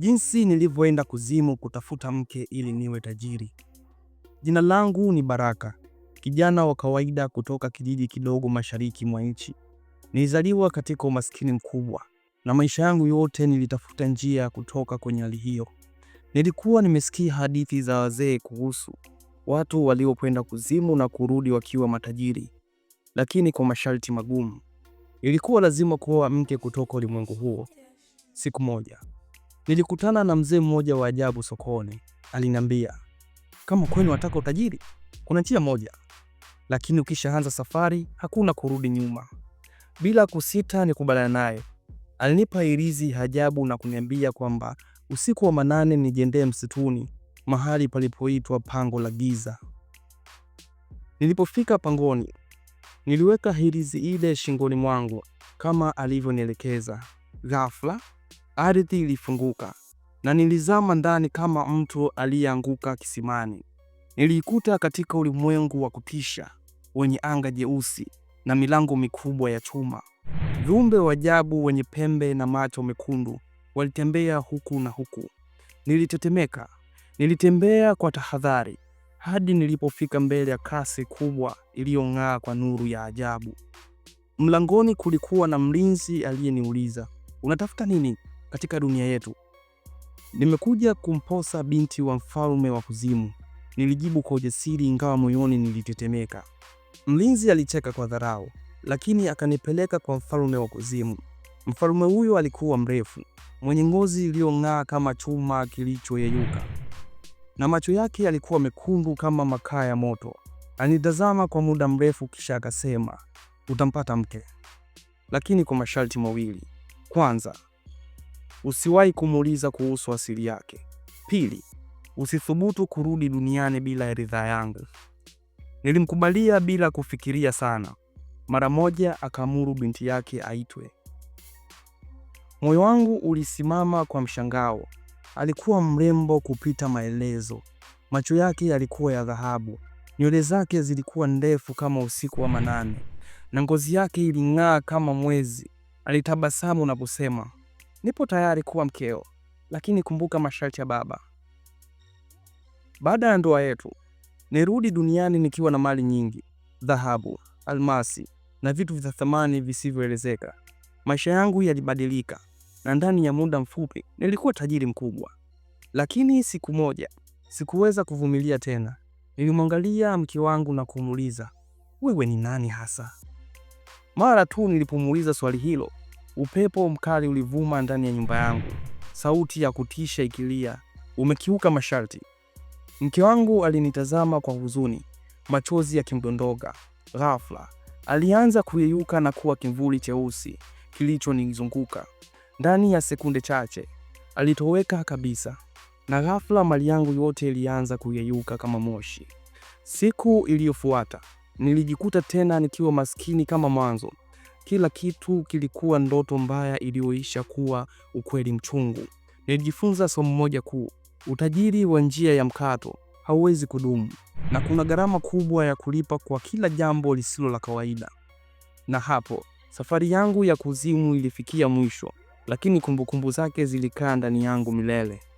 Jinsi nilivyoenda kuzimu kutafuta mke ili niwe tajiri. Jina langu ni Baraka, kijana wa kawaida kutoka kijiji kidogo mashariki mwa nchi. Nilizaliwa katika umaskini mkubwa na maisha yangu yote nilitafuta njia ya kutoka kwenye hali hiyo. Nilikuwa nimesikia hadithi za wazee kuhusu watu waliokwenda kuzimu na kurudi wakiwa matajiri, lakini kwa masharti magumu. Ilikuwa lazima kuoa mke kutoka ulimwengu huo. Siku moja Nilikutana na mzee mmoja wa ajabu sokoni. Aliniambia, kama kweli unataka utajiri, kuna njia moja, lakini ukishaanza safari hakuna kurudi nyuma. Bila kusita, nikubaliana naye. Alinipa hirizi ajabu na kuniambia kwamba usiku wa manane nijendee msituni, mahali palipoitwa pango la giza. Nilipofika pangoni, niliweka hirizi ile shingoni mwangu kama alivyonielekeza. Ghafla Ardhi ilifunguka na nilizama ndani kama mtu aliyeanguka kisimani. Niliikuta katika ulimwengu wa kutisha wenye anga jeusi na milango mikubwa ya chuma. Viumbe wa ajabu wenye pembe na macho mekundu walitembea huku na huku. Nilitetemeka. Nilitembea kwa tahadhari hadi nilipofika mbele ya kasi kubwa iliyong'aa kwa nuru ya ajabu. Mlangoni kulikuwa na mlinzi aliyeniuliza, unatafuta nini? katika dunia yetu. Nimekuja kumposa binti wa mfalme wa kuzimu, nilijibu kwa ujasiri, ingawa moyoni nilitetemeka. Mlinzi alicheka kwa dharau, lakini akanipeleka kwa mfalme wa kuzimu. Mfalme huyo alikuwa mrefu, mwenye ngozi iliyong'aa kama chuma kilichoyeyuka, na macho yake yalikuwa mekundu kama makaa ya moto. Alinitazama kwa muda mrefu, kisha akasema, utampata mke, lakini kwa masharti mawili. Kwanza, Usiwahi kumuuliza kuhusu asili yake. Pili, usithubutu kurudi duniani bila ridhaa yangu. Nilimkubalia bila kufikiria sana. Mara moja akaamuru binti yake aitwe. Moyo wangu ulisimama kwa mshangao. Alikuwa mrembo kupita maelezo. Macho yake yalikuwa ya dhahabu, nywele zake zilikuwa ndefu kama usiku wa manane, na ngozi yake iling'aa kama mwezi. Alitabasamu na kusema nipo tayari kuwa mkeo, lakini kumbuka masharti ya baba. Baada ya ndoa yetu, nirudi duniani nikiwa na mali nyingi, dhahabu, almasi na vitu vya thamani visivyoelezeka. Maisha yangu yalibadilika na ndani ya muda mfupi nilikuwa tajiri mkubwa. Lakini siku moja sikuweza kuvumilia tena. Nilimwangalia mke wangu na kumuuliza, wewe ni nani hasa? Mara tu nilipomuuliza swali hilo, Upepo mkali ulivuma ndani ya nyumba yangu, sauti ya kutisha ikilia, umekiuka masharti. Mke wangu alinitazama kwa huzuni, machozi yakimdondoka. Ghafla alianza kuyeyuka na kuwa kimvuli cheusi kilichonizunguka. Ndani ya sekunde chache alitoweka kabisa, na ghafla mali yangu yote ilianza kuyeyuka kama moshi. Siku iliyofuata nilijikuta tena nikiwa maskini kama mwanzo. Kila kitu kilikuwa ndoto mbaya iliyoisha kuwa ukweli mchungu. Nilijifunza somo moja kuu: utajiri wa njia ya mkato hauwezi kudumu, na kuna gharama kubwa ya kulipa kwa kila jambo lisilo la kawaida. Na hapo safari yangu ya kuzimu ilifikia mwisho, lakini kumbukumbu zake zilikaa ndani yangu milele.